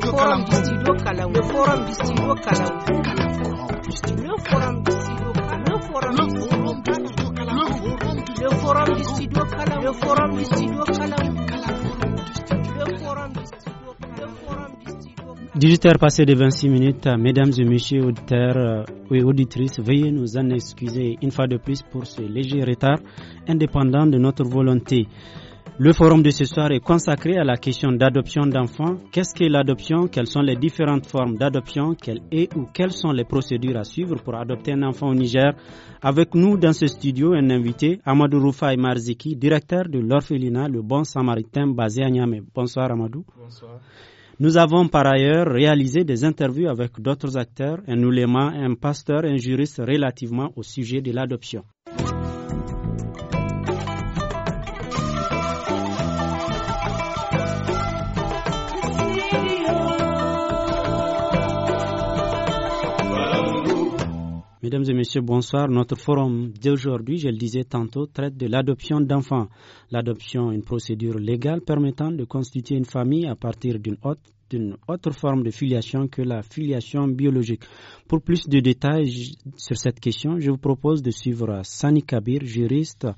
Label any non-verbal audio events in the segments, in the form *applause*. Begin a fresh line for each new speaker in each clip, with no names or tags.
le forum
de 26 minutes, mesdames et messieurs auditeurs euh, et auditrices, veuillez nous en excuser une fois de plus pour ce léger retard indépendant de notre volonté. Le forum de ce soir est consacré à la question d'adoption d'enfants. Qu'est-ce qu'est l'adoption Quelles sont les différentes formes d'adoption Quelles est ou quelles sont les procédures à suivre pour adopter un enfant au Niger Avec nous dans ce studio, un invité, Amadou Roufaï Marziki, directeur de l'orphelinat Le Bon Samaritain basé à Niamey. Bonsoir Amadou. Bonsoir. Nous avons par ailleurs réalisé des interviews avec d'autres acteurs, un ouléma, un pasteur, un juriste relativement au sujet de l'adoption. Mesdames et messieurs, bonsoir. Notre forum d'aujourd'hui, je le disais tantôt, traite de l'adoption d'enfants. L'adoption, est une procédure légale permettant de constituer une famille à partir d'une autre d'une autre forme de filiation que la filiation biologique. Pour plus de détails sur cette question, je vous propose de suivre Sani Kabir, juriste,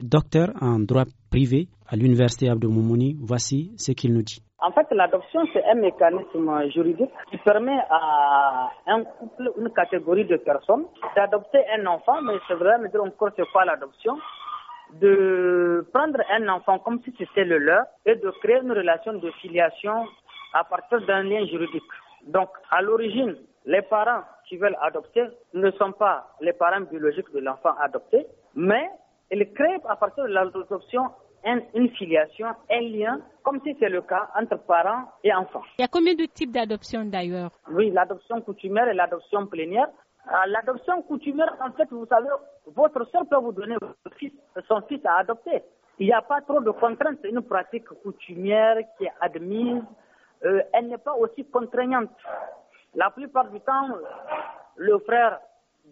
docteur en droit privé à l'université Abdou Voici ce qu'il nous dit.
En fait, l'adoption, c'est un mécanisme juridique qui permet à un couple, une catégorie de personnes, d'adopter un enfant, mais c'est vrai, mais dire encore c'est quoi l'adoption, de prendre un enfant comme si c'était le leur et de créer une relation de filiation à partir d'un lien juridique. Donc, à l'origine, les parents qui veulent adopter ne sont pas les parents biologiques de l'enfant adopté, mais ils créent à partir de l'adoption une filiation, un lien, comme si c'est le cas entre parents et enfants. Il y a combien de types d'adoption d'ailleurs Oui, l'adoption coutumière et l'adoption plénière. Euh, l'adoption coutumière, en fait, vous savez, votre soeur peut vous donner votre fils, son fils à adopter. Il n'y a pas trop de contraintes. C'est une pratique coutumière qui est admise. Euh, elle n'est pas aussi contraignante. La plupart du temps, le frère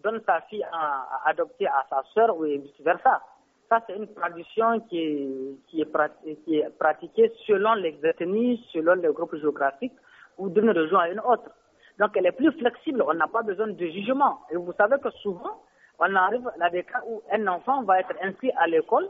donne sa fille à, à adopter à sa soeur ou vice-versa ça, c'est une tradition qui est, qui est, pratiquée selon les ethnies, selon les groupes géographiques ou d'une région à une autre. Donc, elle est plus flexible. On n'a pas besoin de jugement. Et vous savez que souvent, on arrive à des cas où un enfant va être inscrit à l'école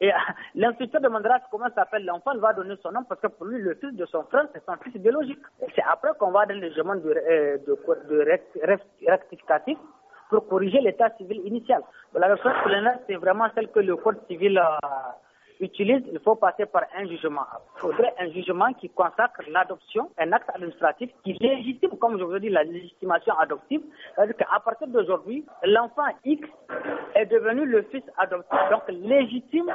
et *laughs* l'instituteur demandera comment s'appelle l'enfant, il va donner son nom parce que pour lui, le fils de son frère, c'est son fils biologique. Et c'est après qu'on va donner le jugement de, euh, de, rectificatif pour corriger l'état civil initial. La réponse plénière, c'est vraiment celle que le code civil euh, utilise. Il faut passer par un jugement. Il faudrait un jugement qui consacre l'adoption, un acte administratif qui légitime, comme je vous ai dit, la légitimation adoptive. C'est-à-dire qu'à partir d'aujourd'hui, l'enfant X est devenu le fils adoptif, donc légitime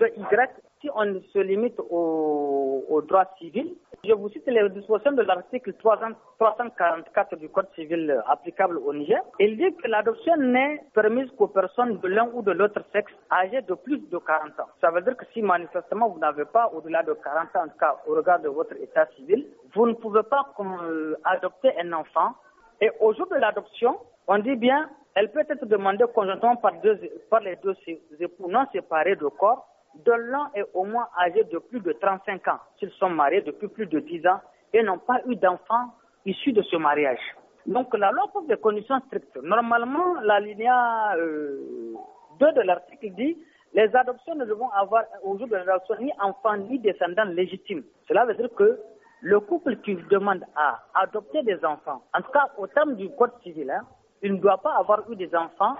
de Y si on se limite aux, droits civils, je vous cite les dispositions de l'article 344 du Code civil applicable au Niger. Il dit que l'adoption n'est permise qu'aux personnes de l'un ou de l'autre sexe âgées de plus de 40 ans. Ça veut dire que si manifestement vous n'avez pas au-delà de 40 ans, en tout cas au regard de votre état civil, vous ne pouvez pas euh, adopter un enfant. Et au jour de l'adoption, on dit bien, elle peut être demandée conjointement par, deux, par les deux époux non séparés de corps de l'an est au moins âgé de plus de 35 ans, s'ils sont mariés depuis plus de 10 ans et n'ont pas eu d'enfants issus de ce mariage. Donc la loi pose des conditions strictes. Normalement, la ligne euh, 2 de l'article dit les adoptions ne devront avoir au jour de l'adoption ni enfants ni descendants légitimes. Cela veut dire que le couple qui demande à adopter des enfants, en tout cas au terme du code civil, hein, il ne doit pas avoir eu des enfants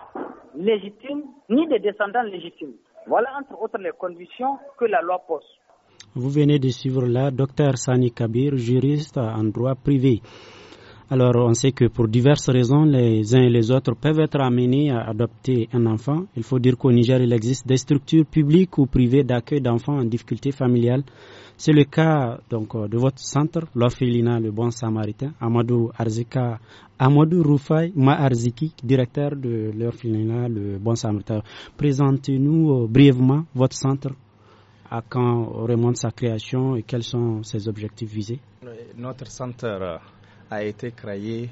légitimes ni des descendants légitimes. Voilà entre autres les conditions que la loi pose.
Vous venez de suivre là, docteur Sani Kabir, juriste en droit privé. Alors on sait que pour diverses raisons, les uns et les autres peuvent être amenés à adopter un enfant. Il faut dire qu'au Niger, il existe des structures publiques ou privées d'accueil d'enfants en difficulté familiale. C'est le cas donc euh, de votre centre, l'orphelinat Le Bon Samaritain, Amadou Arzika, Amadou Ma Maarziki, directeur de l'orphelinat Le Bon Samaritain. Présentez-nous euh, brièvement votre centre, à quand remonte sa création et quels sont ses objectifs visés.
Notre centre a été créé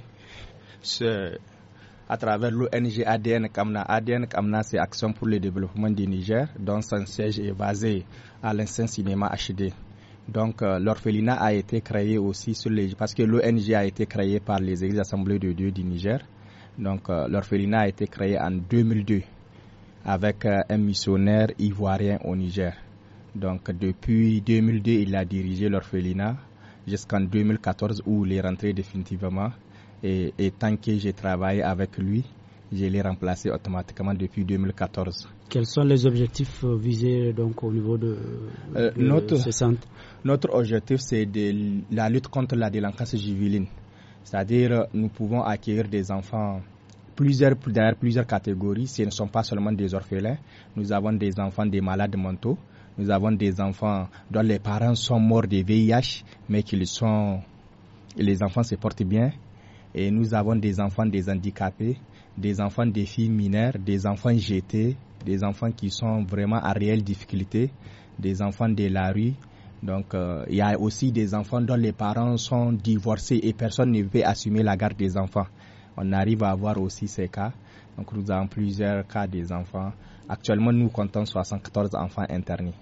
à travers l'ONG ADN Kamna. ADN Kamna, c'est Action pour le développement du Niger, dont son siège est basé à l'Institut cinéma HD. Donc euh, l'orphelinat a été créé aussi sur les, parce que l'ONG a été créée par les Églises Assemblées de Dieu du Niger. Donc euh, l'orphelinat a été créé en 2002 avec euh, un missionnaire ivoirien au Niger. Donc depuis 2002, il a dirigé l'orphelinat jusqu'en 2014 où il est rentré définitivement. Et, tant que j'ai travaillé avec lui, je l'ai remplacé automatiquement depuis 2014.
Quels sont les objectifs euh, visés donc au niveau de, euh, notre,
Notre objectif, c'est la lutte contre la délinquance juvénile. C'est-à-dire, euh, nous pouvons acquérir des enfants plusieurs, derrière plusieurs catégories. Ce ne sont pas seulement des orphelins. Nous avons des enfants des malades mentaux. Nous avons des enfants dont les parents sont morts de VIH, mais sont, les enfants se portent bien. Et nous avons des enfants des handicapés, des enfants des filles mineures, des enfants jetés, des enfants qui sont vraiment à réelle difficulté, des enfants de la rue. Donc, euh, il y a aussi des enfants dont les parents sont divorcés et personne ne veut assumer la garde des enfants. On arrive à avoir aussi ces cas. Donc, nous avons plusieurs cas des enfants Actuellement, nous comptons 74 enfants internés.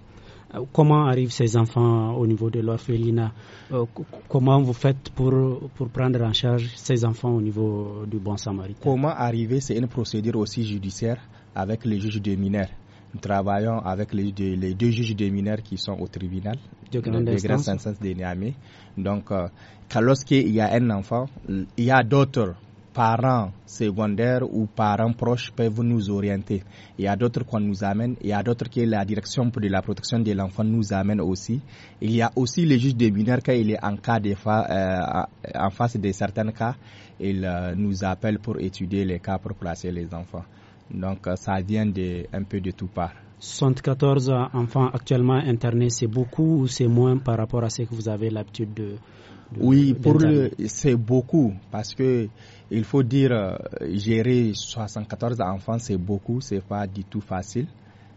Euh, comment arrivent ces enfants au niveau de l'orphelinat euh, Comment vous faites pour, pour prendre en charge ces enfants
au niveau du Bon Samaritain Comment arriver C'est une procédure aussi judiciaire avec les juges des mineurs. Nous travaillons avec les, deux, juges des mineurs qui sont au tribunal de grande, instance de Niamey. Donc, euh, lorsqu'il y a un enfant, il y a d'autres parents secondaires ou parents proches peuvent nous orienter. Il y a d'autres qu'on nous amène, il y a d'autres que la direction de la protection de l'enfant nous amène aussi. Il y a aussi le juge des mineurs quand il est en, cas de euh, en face de certains cas, il euh, nous appelle pour étudier les cas pour placer les enfants. Donc euh, ça vient de, un peu de tout part.
74 enfants actuellement internés, c'est beaucoup ou c'est moins par rapport à ce que vous avez
l'habitude de, Oui, c'est beaucoup parce que il faut dire, euh, gérer 74 enfants, c'est beaucoup, c'est pas du tout facile.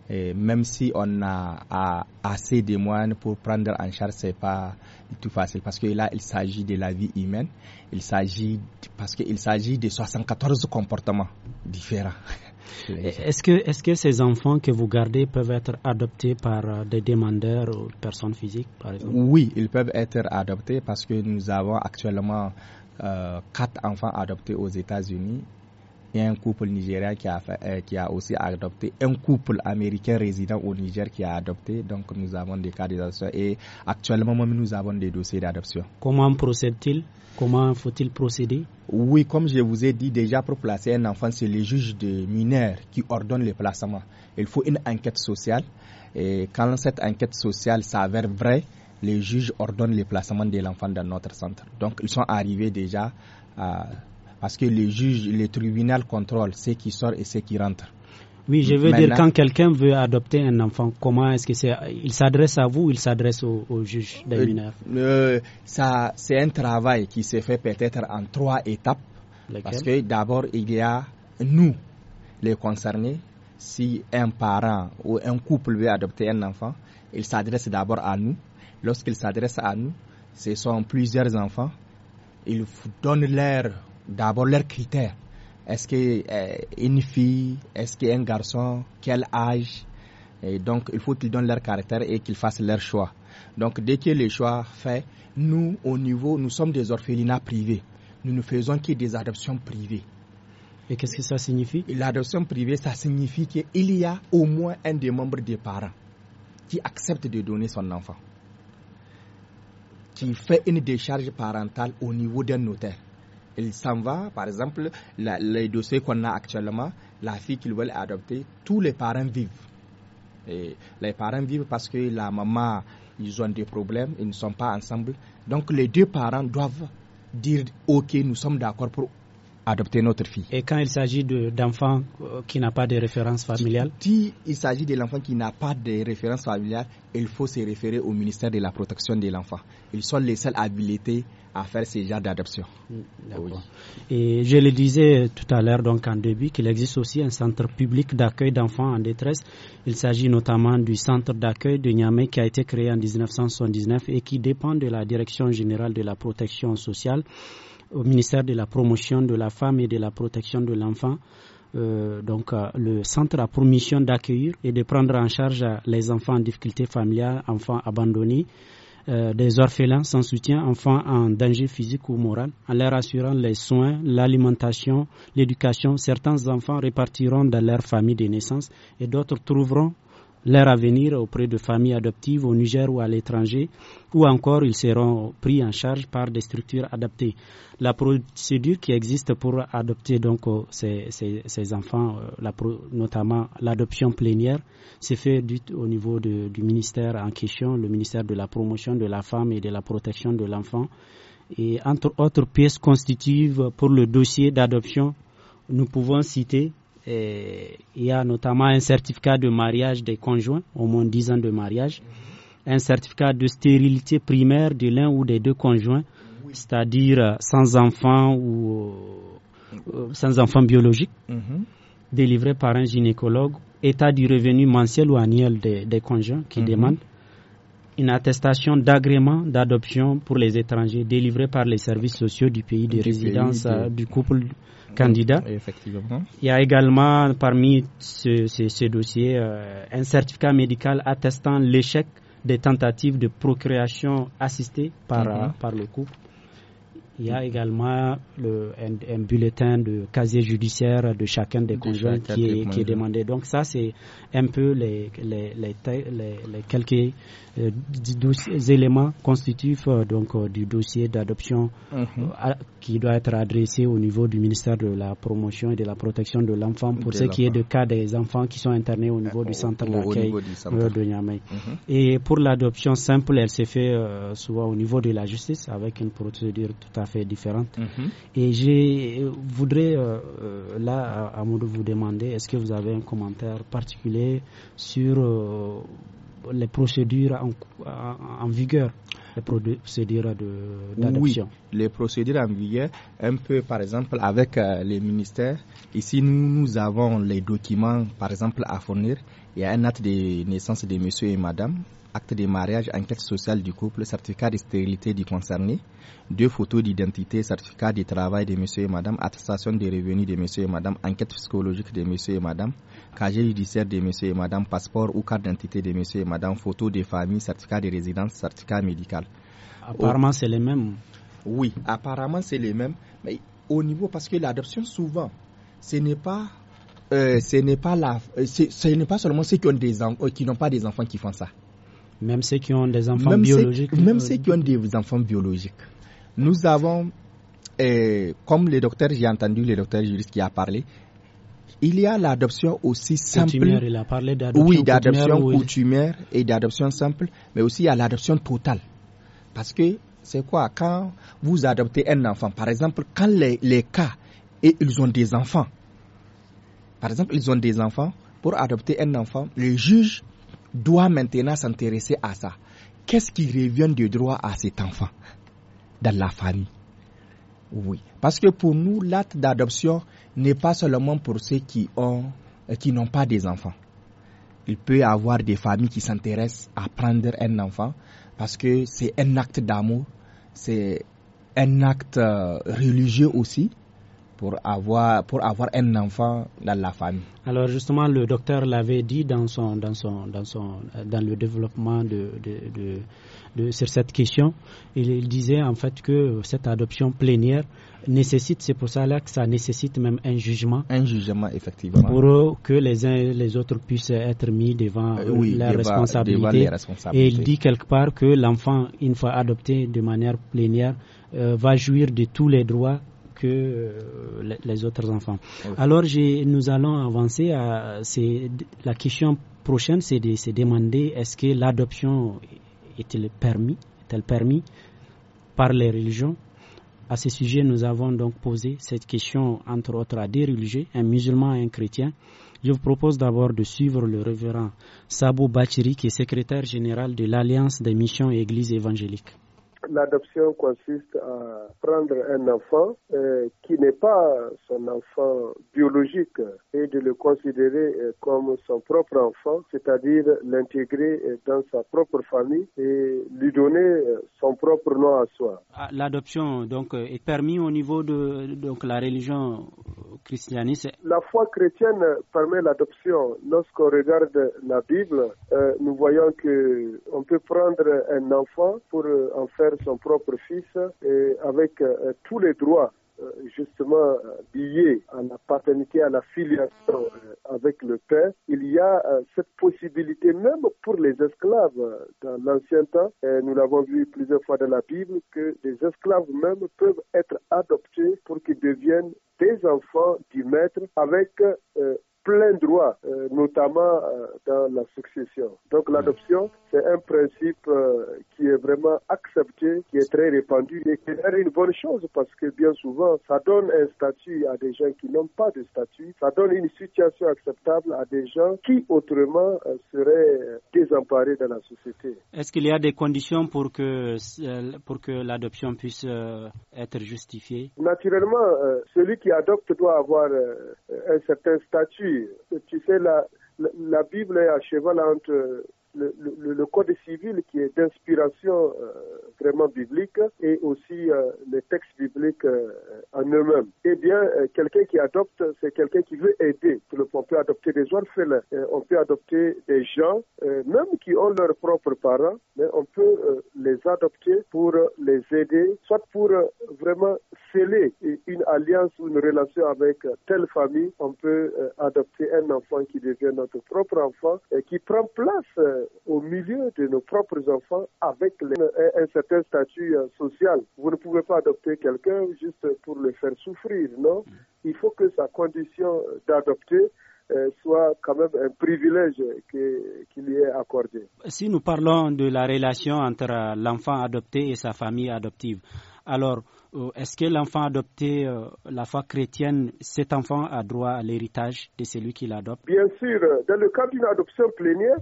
Et même si on a, assez de moyens pour prendre en charge, c'est pas du tout facile parce que là, il s'agit de la vie humaine. Il s'agit parce qu'il s'agit de 74 comportements différents. *laughs* Est-ce que, est -ce que
ces enfants que vous gardez peuvent être adoptés par euh, des demandeurs ou personnes physiques,
par exemple Oui, ils peuvent être adoptés parce que nous avons actuellement euh, quatre enfants adoptés aux États-Unis et un couple nigérien qui a, euh, qui a aussi adopté, un couple américain résident au Niger qui a adopté. Donc nous avons des cas d'adoption et actuellement nous avons des dossiers d'adoption. Comment procède-t-il Comment faut-il procéder Oui, comme je vous ai dit déjà, pour placer un enfant, c'est le juge de mineurs qui ordonne le placement. Il faut une enquête sociale et quand cette enquête sociale s'avère vraie, les juges ordonnent le placement de l'enfant dans notre centre. Donc ils sont arrivés déjà euh, parce que les juges, les tribunaux contrôlent ce qui sort et ce qui rentrent. Oui, je veux dire, quand
quelqu'un veut adopter un enfant, comment est-ce que c'est Il s'adresse à vous ou il s'adresse au, juge
des euh, euh, ça, C'est un travail qui se fait peut-être en trois étapes. Parce que d'abord, il y a nous, les concernés. Si un parent ou un couple veut adopter un enfant, il s'adresse d'abord à nous lorsqu'ils s'adressent à nous, ce sont plusieurs enfants. Ils donnent d'abord leurs critères. Est-ce euh, une fille, est-ce qu'il y a un garçon, quel âge donc, il faut qu'ils donnent leur caractère et qu'ils fassent leur choix. Donc, dès que les choix fait, nous, au niveau, nous sommes des orphelinats privés. Nous ne faisons que des adoptions privées. Et qu'est-ce que ça signifie L'adoption privée, ça signifie qu'il y a au moins un des membres des parents qui accepte de donner son enfant qui fait une décharge parentale au niveau d'un notaire. Il s'en va, par exemple, les dossiers qu'on a actuellement, la fille qu'ils veulent adopter, tous les parents vivent. Et les parents vivent parce que la maman, ils ont des problèmes, ils ne sont pas ensemble. Donc les deux parents doivent dire, OK, nous sommes d'accord pour adopter notre fille. Et quand il s'agit d'enfants euh, qui n'ont pas de référence familiale Si il s'agit de l'enfant qui n'a pas de référence familiale, il faut se référer au ministère de la protection de l'enfant. Ils sont les seuls habilités à faire ce genre d'adoption. Mm,
et je le disais tout à l'heure, donc en début, qu'il existe aussi un centre public d'accueil d'enfants en détresse. Il s'agit notamment du centre d'accueil de Niamey qui a été créé en 1979 et qui dépend de la Direction générale de la protection sociale au ministère de la promotion de la femme et de la protection de l'enfant. Euh, donc, euh, le centre a pour mission d'accueillir et de prendre en charge euh, les enfants en difficulté familiale, enfants abandonnés, des orphelins sans soutien, enfants en danger physique ou moral, en leur assurant les soins, l'alimentation, l'éducation. Certains enfants répartiront dans leur famille de naissance et d'autres trouveront leur avenir auprès de familles adoptives au Niger ou à l'étranger, ou encore ils seront pris en charge par des structures adaptées. La procédure qui existe pour adopter donc euh, ces, enfants, euh, notamment l'adoption plénière, s'est fait au niveau du ministère en question, le ministère de la promotion de la femme et de la protection de l'enfant. Et entre autres pièces constitutives pour le dossier d'adoption, nous pouvons citer il y a notamment un certificat de mariage des conjoints, au moins 10 ans de mariage, un certificat de stérilité primaire de l'un ou des deux conjoints, c'est-à-dire euh, sans enfant ou euh, euh, sans biologique, mm-hmm. délivré par un gynécologue, état du revenu mensuel ou annuel des, conjoints qui mm-hmm. demandent, une attestation d'agrément d'adoption pour les étrangers délivrée par les services sociaux du pays de résidence du couple candidat. Effectivement. Il y a également parmi ces ce, dossiers euh, un certificat médical attestant l'échec des tentatives de procréation assistée par, mhm. euh, par le couple. Il y a également le, un, bulletin de casier judiciaire de chacun des conjoints qui, est, demandé. Donc ça, c'est un peu les, les, les quelques euh, éléments constitutifs euh, donc, euh, du dossier d'adoption mhm. qui doit être adressé au niveau du ministère de la Promotion et de la Protection de l'enfant pour ce qui est de cas des enfants qui sont internés au niveau du centre d'accueil de Niamey. Mhm. Et pour l'adoption simple, elle s'est fait soit au niveau de la justice avec une procédure tout à fait différente. Mhm. Et je voudrais là, de vous demander est-ce que vous avez un commentaire particulier sur les procédures en, vigueur les procédures d'adoption Oui,
les procédures en vigueur, un peu par exemple avec euh, les ministères. Ici, nous, nous avons les documents, par exemple, à fournir. Il y a un acte de naissance de monsieur et madame, acte de mariage, enquête sociale du couple, certificat de stérilité du concerné, deux photos d'identité, certificat de travail de monsieur et madame, attestation des revenus de monsieur et madame, enquête psychologique de monsieur et madame, Cagé judiciaire de monsieur et madame, passeport ou carte d'identité de monsieur et madame, photo de famille, certificat de résidence, certificat médical. Apparemment, c'est les mêmes. Oui, apparemment, c'est les mêmes. Mais au niveau, parce que l'adoption, souvent, ce n'est pas. Euh, ce n'est pas la, euh, ce n'est pas seulement ceux qui ont des euh, qui n'ont pas des enfants qui font ça. Même ceux qui ont des enfants biologiques. même ceux qui ont des enfants biologiques. Nous avons, comme le docteur, j'ai entendu le docteur juriste qui a parlé, il y a l'adoption aussi simple. il
a d'adoption Oui, d'adoption coutumière,
et d'adoption simple, mais aussi il y a l'adoption totale. Parce que c'est quoi Quand vous adoptez un enfant, par exemple, quand les, les cas, et ils ont des enfants, par exemple, ils ont des enfants, pour adopter un enfant, le juge doit maintenant s'intéresser à ça. Qu'est-ce qui revient de droit à cet enfant dans la famille oui, parce que pour nous, l'acte d'adoption n'est pas seulement pour ceux qui ont, euh, qui n'ont pas des enfants. Il peut y avoir des familles qui s'intéressent à prendre un enfant parce que c'est un acte d'amour, c'est un acte euh, religieux aussi, pour avoir, pour avoir un enfant dans la famille. Alors justement, le docteur l'avait
dit dans, son, dans, son, dans, son, euh, dans le développement de, de, sur cette question. Il, disait en fait que cette adoption plénière nécessite, c'est pour ça là que ça nécessite même un jugement. Un jugement, effectivement. Pour que les uns et les autres puissent être mis devant, euh, la responsabilité. Et il dit quelque part que l'enfant, une fois adopté de manière plénière, euh, va jouir de tous les droits que euh, les autres enfants. Alors, nous allons avancer à la question prochaine, c'est de se demander est-ce que l'adoption est-elle permis, est permis par les religions à ce sujet, nous avons donc posé cette question, entre autres, à des religieux, un musulman et un chrétien. Je vous propose d'abord de suivre le révérend Sabo Bachiri, qui est secrétaire général de l'Alliance des missions et églises évangéliques.
L'adoption consiste à prendre un enfant euh, qui n'est pas son enfant biologique et de le considérer euh, comme son propre enfant, c'est-à-dire l'intégrer euh, dans sa propre famille et lui donner son propre nom à soi.
Ah, l'adoption donc est permise au niveau de donc la religion christianiste.
La foi chrétienne permet l'adoption. Lorsqu'on regarde la Bible, nous voyons que on peut prendre un enfant pour en faire son propre fils et euh, avec euh, tous les droits euh, justement liés à la paternité, à la filiation avec le père, il y a cette possibilité même pour les esclaves dans l'ancien temps. Et nous l'avons vu plusieurs fois dans la Bible que des esclaves même peuvent être adoptés pour qu'ils deviennent des enfants du maître avec plein droit, euh, notamment euh, dans la succession. Donc mm. l'adoption, c'est un principe euh, qui est vraiment accepté, qui est très répandu et qui est une bonne chose parce que bien souvent, ça donne un statut à des gens qui n'ont pas de statut, ça donne une situation acceptable à des gens qui autrement seraient désemparés dans la société.
Est-ce qu'il y a des conditions pour que, pour que l'adoption puisse être justifiée
Naturellement, celui qui adopte doit avoir un certain statut tu sais, la, la Bible est à cheval entre le, le, code civil qui est d'inspiration euh, vraiment biblique et aussi euh, les textes bibliques euh, en eux-mêmes. Eh bien, quelqu'un qui adopte, c'est quelqu'un qui veut aider. On peut adopter des orphelins, on peut adopter des gens, même qui ont leurs propres parents, mais on peut les adopter pour les aider, soit pour vraiment sceller une alliance ou une relation avec telle famille. On peut adopter un enfant qui devient notre propre enfant et qui prend place au milieu de nos propres enfants avec un, un, certain statut euh, social. Vous ne pouvez pas adopter quelqu'un juste pour le faire souffrir, non mm. Il faut que sa condition d'adopter euh, soit quand même un privilège qui lui est accordé.
Si nous parlons de la relation entre l'enfant adopté et sa famille adoptive, alors euh, est-ce que l'enfant adopté, la foi chrétienne, cet enfant a droit à l'héritage de celui qui l'adopte
Bien sûr, dans le cas d'une adoption plénière,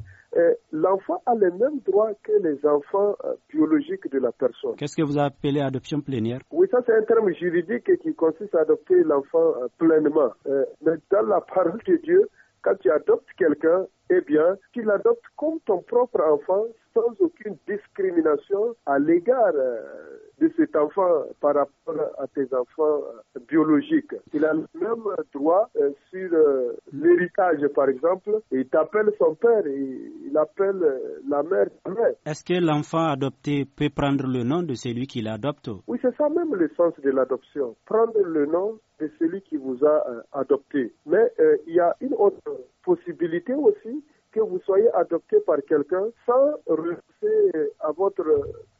l'enfant a les mêmes droits que les enfants euh, biologiques de la personne.
Qu'est-ce que vous appelez adoption plénière
Oui, ça c'est un terme juridique qui consiste à adopter l'enfant euh, pleinement. Euh, mais dans la parole de Dieu, quand tu adoptes quelqu'un, eh bien, tu l'adoptes comme ton propre enfant sans aucune discrimination à l'égard euh, de cet enfant par rapport à tes enfants euh, biologiques. Il a le même droit euh, sur l'héritage, par exemple. Il appelle son père, il appelle la mère.
Est-ce que l'enfant adopté peut prendre le nom de celui qui l'adopte
Oui, c'est ça même le sens de l'adoption. Prendre le nom de celui qui vous a adopté. Mais il y a une autre possibilité aussi, que vous soyez adopté par quelqu'un sans renoncer à votre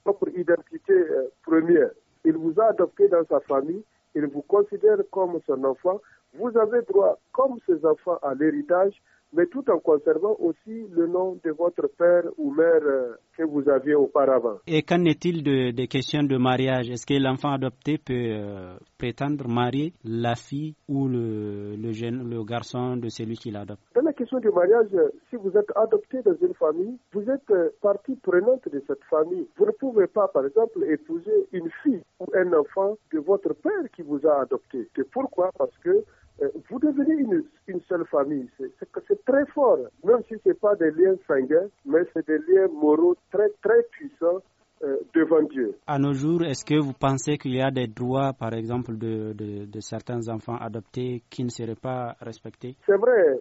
propre identité euh, première. Il vous a adopté dans sa famille, il vous considère comme son enfant. Vous avez droit, comme ses enfants, à l'héritage, mais tout en conservant aussi le nom de votre père ou mère euh, que vous aviez auparavant.
Et qu'en est-il des questions de mariage Est-ce que l'enfant adopté peut euh, prétendre marier la fille ou le, jeune, le garçon de celui qui l'adopte
Dans la question du mariage, si vous êtes adopté dans une famille, vous êtes euh, partie prenante de cette famille. Vous ne pouvez pas, par exemple, épouser une fille ou un enfant de votre père qui vous a adopté. pourquoi Parce que euh, vous devenez une, une seule famille. C'est très fort, même si ce n'est pas des liens sanguins, mais c'est des liens moraux très, très puissants euh, devant Dieu.
À nos jours, est-ce que vous pensez qu'il y a des droits, par exemple, de, de, certains enfants adoptés qui ne seraient pas respectés
C'est vrai,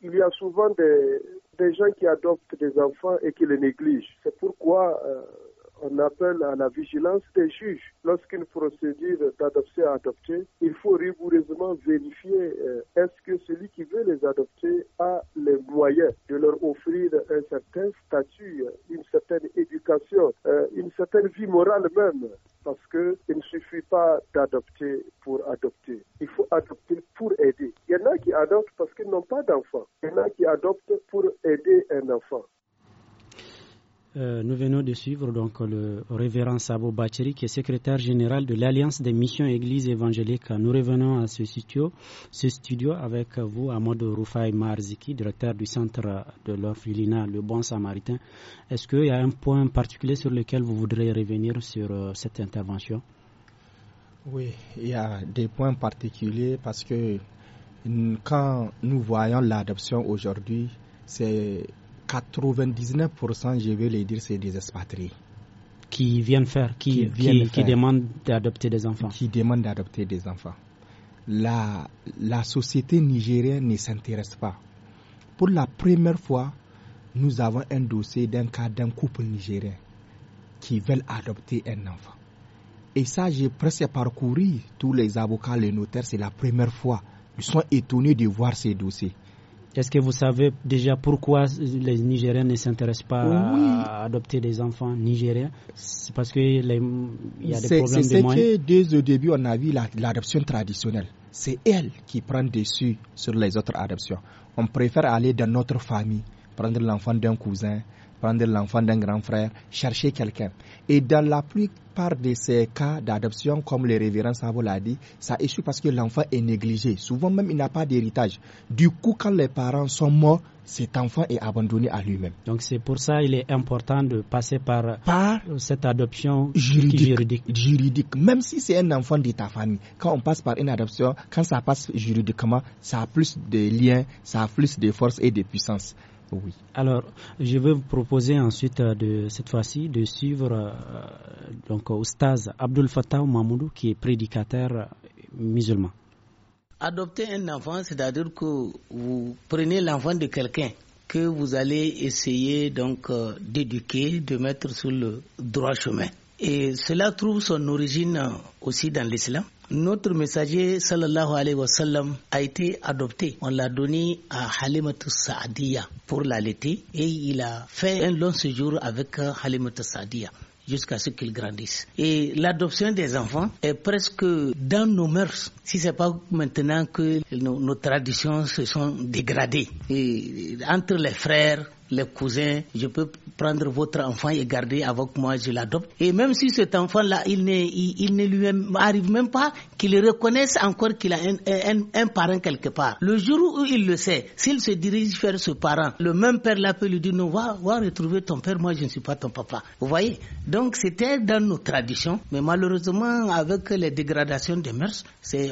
il, y a souvent des, des, gens qui adoptent des enfants et qui les négligent. C'est pourquoi... Euh, on appelle à la vigilance des juges. Lorsqu'une procédure d'adoption est adoptée, il faut rigoureusement vérifier euh, est-ce que celui qui veut les adopter a les moyens de leur offrir un certain statut, une certaine éducation, euh, une certaine vie morale même parce qu'il ne suffit pas d'adopter pour adopter. Il faut adopter pour aider. Il y en a qui adoptent parce qu'ils n'ont pas d'enfants. Il y en a qui adoptent pour aider un enfant.
Euh, nous venons de suivre donc le révérend Sabo Bacheri, qui est secrétaire général de l'Alliance des missions Églises évangéliques. Nous revenons à ce studio, ce studio avec vous, Amadou Rufai Marziki, directeur du centre de l'orphelinat Le Bon Samaritain. Est-ce qu'il y a un point particulier sur lequel vous voudrez
revenir sur euh, cette intervention Oui, il y a des points particuliers parce que quand nous voyons l'adoption aujourd'hui, c'est 99%, je vais le dire, c'est des expatriés.
Qui viennent faire, qui, viennent qui, demandent
d'adopter des enfants. Qui demandent d'adopter des enfants. La, la société nigérienne ne s'intéresse pas. Pour la première fois, nous avons un dossier d'un cas d'un couple nigérien qui veulent adopter un enfant. Et ça, j'ai presque parcouru tous les avocats, les notaires, c'est la première fois. Ils sont étonnés de voir ces dossiers. Est-ce que vous savez déjà
pourquoi les Nigériens ne s'intéressent pas à adopter des enfants nigériens C'est parce qu'il
y a des problèmes de moyens C'est que dès le début, on a vu l'adoption traditionnelle. C'est elle qui prend dessus sur les autres adoptions. On préfère aller dans notre famille, prendre l'enfant d'un cousin, prendre l'enfant d'un grand frère, chercher quelqu'un. Et dans la plupart de ces cas d'adoption, comme le révérend Savo l'a dit, ça échoue parce que l'enfant est négligé. Souvent même, il n'a pas d'héritage. Du coup, quand les parents sont morts, cet enfant est abandonné à lui-même. Donc c'est pour ça qu'il est important de passer par, cette adoption juridique, juridique. juridique. Même si c'est un enfant de ta famille, quand on passe par une adoption, quand ça passe juridiquement, ça a plus de liens, ça a plus de force et de puissance. Oui.
Alors, je vais vous proposer ensuite, euh, de, cette fois-ci, de suivre euh, donc, au Abdul Fattah Mahmoudou, qui est prédicateur euh, musulman.
Adopter un enfant, c'est-à-dire que vous prenez l'enfant de quelqu'un que vous allez essayer donc d'éduquer, de mettre sur le droit chemin. Et cela trouve son origine aussi dans l'islam, notre messager sallallahu alayhi wa sallam a été adopté. On l'a donné à Halimatou Saadia pour l'allaiter et il a fait un long séjour avec euh, Halimatou Saadia jusqu'à ce qu'il grandisse. Et l'adoption des enfants est presque dans nos mœurs, si ce n'est pas maintenant que nos, nos, traditions se sont dégradées. Et entre les frères, les cousins, je peux prendre votre enfant et garder avec moi, je l'adopte. Et même si cet enfant-là, il, il, ne lui arrive même pas qu'il reconnaisse encore qu'il a un, un, parent quelque part. Le jour où il le sait, s'il se dirige vers ce parent, le même père-là peut lui dire, non, va, va retrouver ton père, moi je ne suis pas ton papa. Vous voyez Donc c'était dans nos traditions, mais malheureusement, avec les dégradations des mœurs,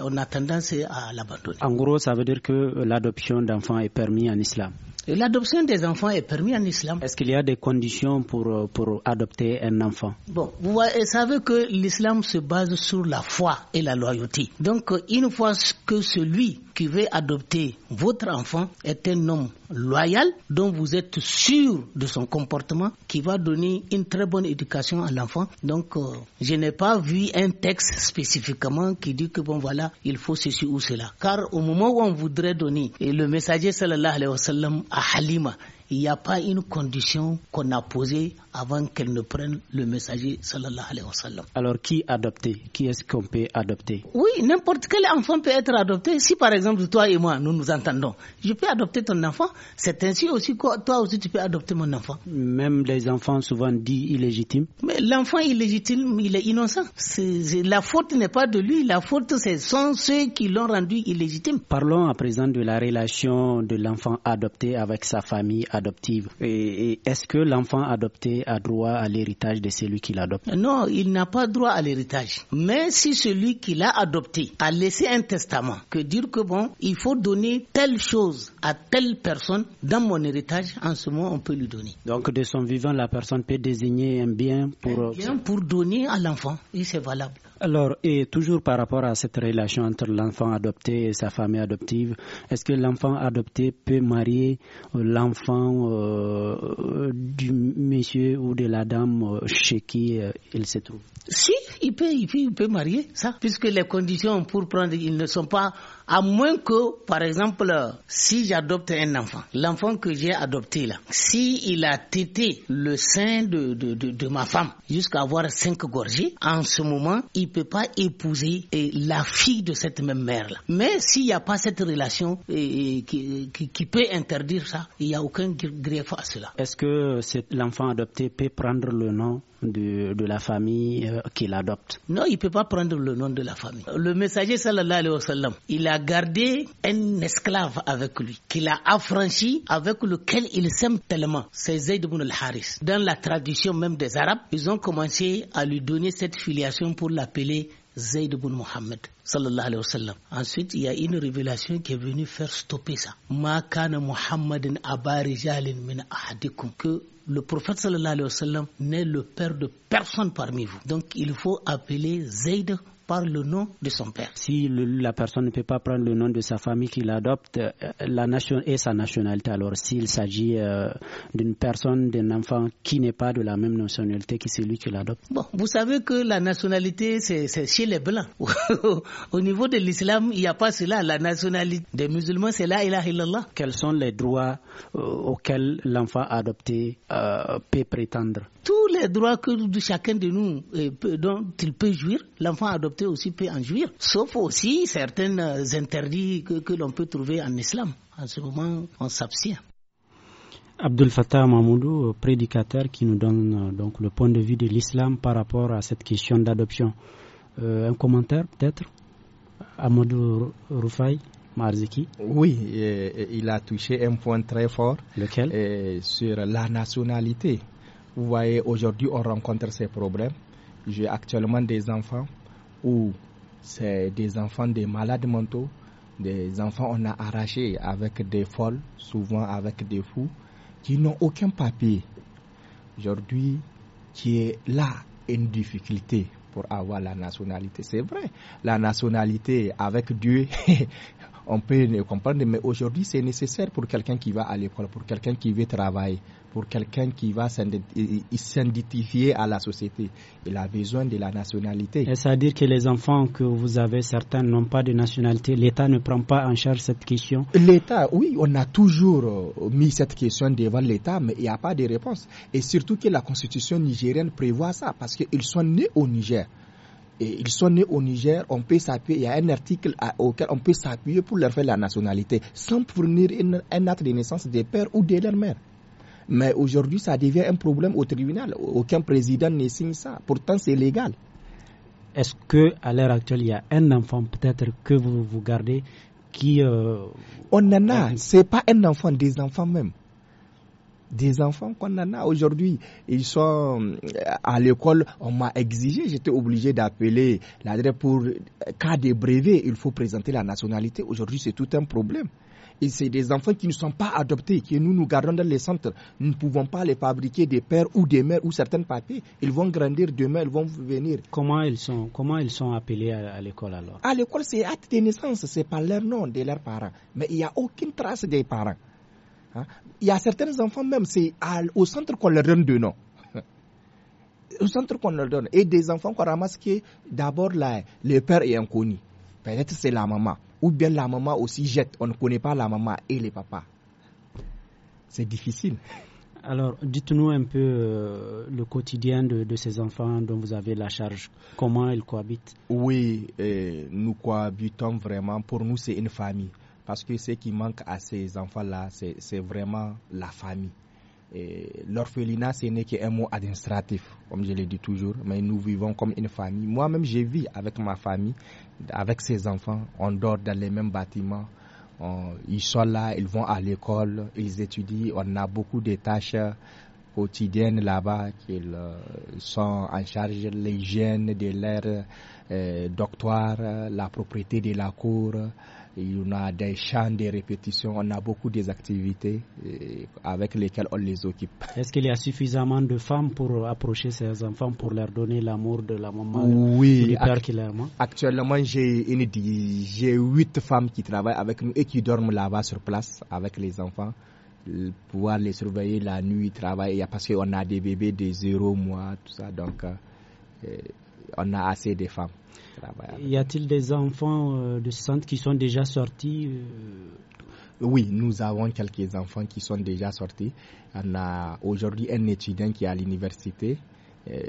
on a tendance à
l'abandonner. En gros, ça veut dire que l'adoption d'enfants est permis en islam L'adoption des enfants est permise en islam. Est-ce qu'il y a des conditions pour, euh, pour adopter un enfant
Bon, vous savez que l'islam se base sur la foi et la loyauté. Donc, euh, une fois que celui qui veut adopter votre enfant est un homme loyal dont vous êtes sûr de son comportement qui va donner une très bonne éducation à l'enfant. Donc, euh, je n'ai pas vu un texte spécifiquement qui dit que bon voilà, il faut ceci ou cela. Car au moment où on voudrait donner et le messager sallallahu alayhi wa sallam à Halima, il n'y a pas une condition qu'on a posée avant qu'elle ne prenne le messager sallallahu alayhi wa sallam. Alors qui adopter Qui est-ce qu'on peut adopter Oui, n'importe quel enfant peut être adopté. Si par exemple toi et moi nous nous entendons, je peux adopter ton enfant, c'est ainsi aussi que toi aussi tu peux adopter mon enfant.
Même les enfants souvent dits illégitimes.
Mais l'enfant illégitime, il est innocent. la faute n'est pas de lui, la faute c'est sont ceux qui l'ont rendu illégitime.
Parlons à présent de la relation de l'enfant adopté avec sa famille
adoptée adoptive. Et, est-ce que l'enfant adopté a droit à l'héritage de celui qui l'adopte Non, il n'a pas droit à l'héritage. Mais si celui qui l'a adopté a laissé un testament, que dire que bon, il faut donner telle chose à telle personne dans mon héritage, en ce moment on peut lui donner.
Donc de son vivant, la personne peut désigner un bien pour... Un bien
pour donner à l'enfant. Et c'est valable.
Alors, et toujours par rapport à cette relation entre l'enfant adopté et sa famille adoptive, est-ce que l'enfant adopté peut marier euh, l'enfant euh, du monsieur ou de la dame euh, chez qui il se trouve
Si, il peut, il peut, il peut marier ça, puisque les conditions pour prendre, ils ne sont pas, à moins que, par exemple, si j'adopte un enfant, l'enfant que j'ai adopté là, si il a tété le sein de, de, de, ma femme jusqu'à avoir cinq gorgées, en ce moment, il peut pas épouser euh, la fille de cette même mère là. Mais s'il n'y a pas cette relation euh, qui, qui, peut interdire ça, il n'y a aucun grief à cela.
Est-ce que l'enfant adopté peut prendre le nom de, la
famille euh, qu'il adopte. Non, il ne peut pas prendre le nom de la famille. Le messager, sallallahu alayhi wa sallam, il a gardé un esclave avec lui, qu'il a affranchi, avec lequel il s'aime tellement. C'est Zayd ibn al-Haris. Dans la tradition même des Arabes, ils ont commencé à lui donner cette filiation pour l'appeler Zayd ibn Muhammad sallallahu alayhi wa sallam. Ensuite, il y a une révélation qui est venue faire stopper ça. Ma kana Muhammadin abarijalin min ahadikum. Que le prophète sallallahu alayhi wa sallam n'est le père de personne parmi vous. Donc, il faut appeler Zayd par le nom de son père.
Si la personne ne peut pas prendre le nom de sa famille qu'il adopte euh, la nation, et sa nationalité, alors s'il s'agit euh, d'une personne, d'un enfant qui n'est pas de la même nationalité que celui qui l'adopte
Bon, vous savez que la nationalité, c'est chez les Blancs. *laughs* Au niveau de l'islam, il n'y a pas cela. La nationalité des musulmans, c'est la a illallah. Quels sont les droits euh, auxquels l'enfant adopté peut prétendre tous les droits que chacun de nous euh, peut, dont il peut jouir, l'enfant adopté aussi peut en jouir, sauf aussi certains euh, interdits que, l'on peut trouver en islam. En ce moment, on s'abstient.
Abdul Fattah Mahmoudou, euh, prédicateur qui nous donne donc le point de vue de l'islam par rapport à cette question d'adoption. un commentaire peut-être Amadou
Roufaï Marziki Oui, il a touché un point très fort. Lequel Sur la nationalité. Vous voyez, aujourd'hui, on rencontre ces problèmes. J'ai actuellement des enfants où c'est des enfants des malades mentaux, des enfants on a arrachés avec des folles, souvent avec des fous, qui n'ont aucun papier. Aujourd'hui, qui est là une difficulté pour avoir la nationalité. C'est vrai, la nationalité avec Dieu, *laughs* on peut le comprendre, mais aujourd'hui c'est nécessaire pour quelqu'un qui va à l'école, pour quelqu'un qui veut travailler, pour quelqu'un qui va s'identifier à la société. Il a besoin de la nationalité. C'est-à-dire que les
enfants que vous avez, certains n'ont pas de nationalité.
L'État ne prend pas en charge cette question L'État, oui, on a toujours euh, mis cette question devant l'État, mais il n'y a pas de réponse. Et surtout que la constitution nigérienne prévoit ça, parce qu'ils sont nés au Niger. Et ils sont nés au Niger, on peut s'appuyer, il y a un article auquel on peut s'appuyer pour leur faire la nationalité, sans fournir un, un acte de naissance des pères ou de leur mère. Mais aujourd'hui, ça devient un problème au tribunal. Aucun président ne signe ça. Pourtant, c'est légal.
Est-ce que à l'heure actuelle, il y a un enfant peut-être que vous vous
gardez qui euh, on en a. Ah c'est pas un enfant, des enfants même. Des enfants qu'on en a aujourd'hui, ils sont euh, à l'école. On m'a exigé, j'étais obligé d'appeler l'adresse pour euh, cas de brevet. Il faut présenter la nationalité. Aujourd'hui, c'est tout un problème. Et c'est des enfants qui ne sont pas adoptés, que nous nous gardons dans les centres. Nous ne pouvons pas les fabriquer des pères ou des mères ou certains papiers. Ils vont grandir demain, ils vont venir. Comment ils sont, comment ils sont appelés à, l'école alors À l'école, c'est acte de naissance, c'est pas leur nom de leurs parents. Mais il n'y a aucune trace des parents. Hein? Il y a certains enfants même, c'est au centre qu'on leur donne deux noms *laughs* au centre qu'on leur donne et des enfants qu'on ramasse qui d'abord là le père est inconnu peut-être c'est la maman ou bien la maman aussi jette. On ne connaît pas la maman et les papas. C'est
difficile. Alors, dites-nous un peu euh, le quotidien de, ces enfants dont vous
avez la charge. Comment ils cohabitent Oui, nous cohabitons vraiment. Pour nous, c'est une famille. Parce que ce qui manque à ces enfants-là, c'est vraiment la famille l'orphelinat, ce n'est qu'un mot administratif, comme je le dis toujours, mais nous vivons comme une famille. Moi-même, je vis avec ma famille, avec ses enfants. On dort dans les mêmes bâtiments. ils sont là, ils vont à l'école, ils étudient. On a beaucoup de tâches quotidiennes là-bas qu'ils euh, sont en charge, l'hygiène de l'air, euh, doctoire, la propriété de la cour. Il y a des chants, des répétitions, on a beaucoup des activités euh, avec lesquelles on les occupe.
*laughs* Est-ce qu'il y a suffisamment de femmes pour approcher ces enfants pour leur donner
l'amour de la maman Oui, ou du père actuellement j'ai huit femmes qui travaillent avec nous et qui dorment là-bas sur place avec les enfants pouvoir les surveiller la nuit, travailler, parce qu'on a des bébés de zéro mois, tout ça. Donc, euh, on a assez de femmes. Y a-t-il des enfants euh, de ce centre qui sont déjà sortis euh? oui, nous avons quelques enfants qui sont déjà sortis. On a aujourd'hui un étudiant qui est à l'université. Euh,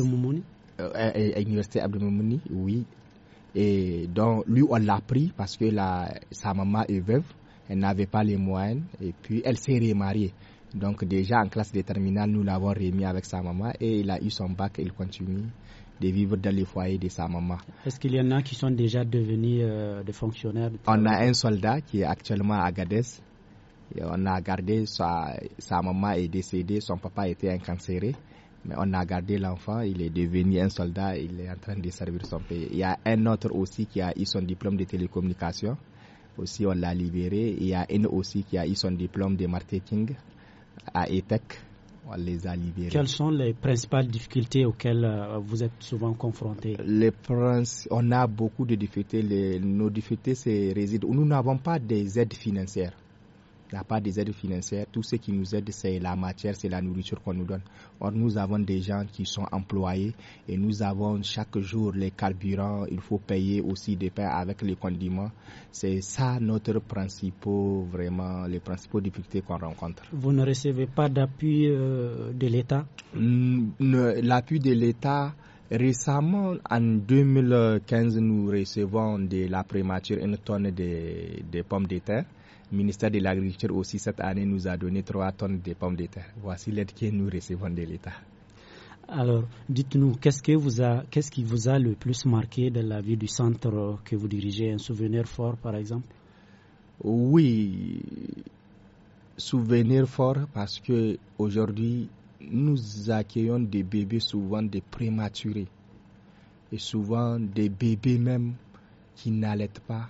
Moumouni À l'université Moumouni, oui. Et donc, lui, on l'a pris parce que la, sa maman est veuve. Elle n'avait pas les moyens et puis elle s'est remariée. Donc, déjà en classe de terminale, nous l'avons remis avec sa maman et il a eu son bac et il continue de vivre dans les foyers de sa maman.
Est-ce qu'il y en a qui sont déjà devenus euh, des fonctionnaires
On a un soldat qui est actuellement à Gadès. Et on a gardé sa, sa maman est décédée, son papa était un Mais on a gardé l'enfant, il est devenu un soldat, il est en train de servir son pays. Il y a un autre aussi qui a eu son diplôme de télécommunication. Aussi, on l'a libéré. Il y a une aussi qui a eu son diplôme de marketing à ETEC. Quelles
sont les principales difficultés auxquelles euh, vous êtes souvent confrontés
les On a beaucoup de difficultés. Les, nos difficultés se résident. Nous n'avons pas des aides financières n'a pas des aides financières. Tout ce qui nous aide, c'est la matière, c'est la nourriture qu'on nous donne. Or, nous avons des gens qui sont employés et nous avons chaque jour les carburants. Il faut payer aussi des pains avec les condiments. C'est ça notre principaux, vraiment, les principaux difficultés qu'on rencontre.
Vous ne recevez pas d'appui euh, de l'État
L'appui de l'État, Récemment, en 2015, nous recevons de la prémature une tonne de, de pommes de terre ministère de l'Agriculture aussi cette année nous a donné 3 tonnes de pommes de terre. Voici l'aide que nous recevons de l'État.
Alors, dites-nous, qu'est-ce, que vous a, qu'est-ce qui vous a le plus marqué de la vie du centre que vous dirigez Un souvenir fort,
par exemple Oui, souvenir fort parce que aujourd'hui, nous accueillons des bébés souvent des prématurés et souvent des bébés même qui n'allaitent pas.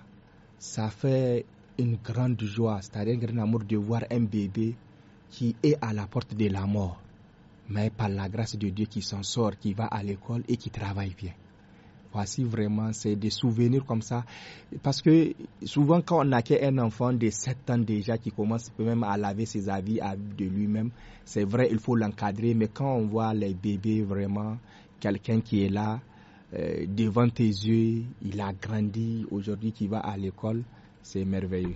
Ça fait une grande joie, c'est-à-dire un grand amour de voir un bébé qui est à la porte de la mort, mais par la grâce de Dieu qui s'en sort, qui va à l'école et qui travaille bien. Voici vraiment, c'est des souvenirs comme ça. Parce que souvent, quand on a un enfant de 7 ans déjà qui commence même à laver ses avis de lui-même, c'est vrai, il faut l'encadrer, mais quand on voit les bébés vraiment, quelqu'un qui est là, euh, devant tes yeux, il a grandi aujourd'hui, qui va à l'école, c'est merveilleux.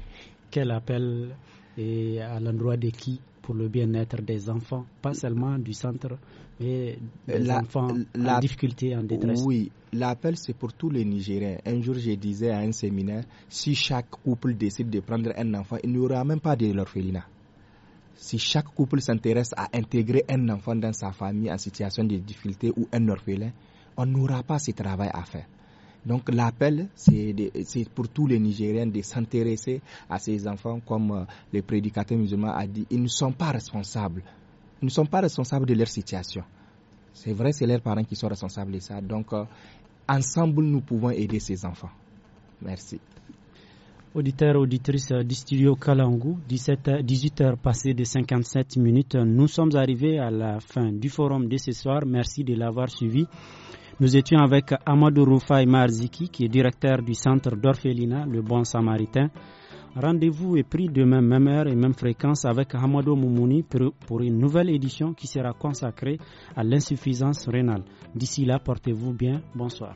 Quel appel et eh, à l'endroit de qui pour le bien-être des enfants, pas seulement du centre, mais des la, enfants en difficulté, en détresse. Oui,
l'appel c'est pour tous les Nigériens. Un jour, je disais à un séminaire, si chaque couple décide de prendre un enfant, il n'y aura même pas de Si chaque couple s'intéresse à intégrer un enfant dans sa famille en situation de difficulté ou un orphelin, on n'aura pas ce travail à faire. Donc l'appel, c'est pour tous les Nigériens de s'intéresser à ces enfants, comme euh, le prédicateur musulman a dit, ils ne sont pas responsables. Ils ne sont pas responsables de leur situation. C'est vrai, c'est leurs parents qui sont responsables de ça. Donc, euh, ensemble, nous pouvons aider ces enfants. Merci.
Auditeurs, auditrices du studio Kalangu, 18h passées de 57 minutes, nous sommes arrivés à la fin du forum de ce soir. Merci de l'avoir suivi. Nous étions avec Amadou Roufaï Marziki, qui est directeur du centre d'orphelinat Le Bon Samaritain. Rendez-vous est pris demain, même heure et même fréquence, avec Amado Moumouni pour une nouvelle édition qui sera consacrée à l'insuffisance rénale. D'ici là, portez-vous bien. Bonsoir.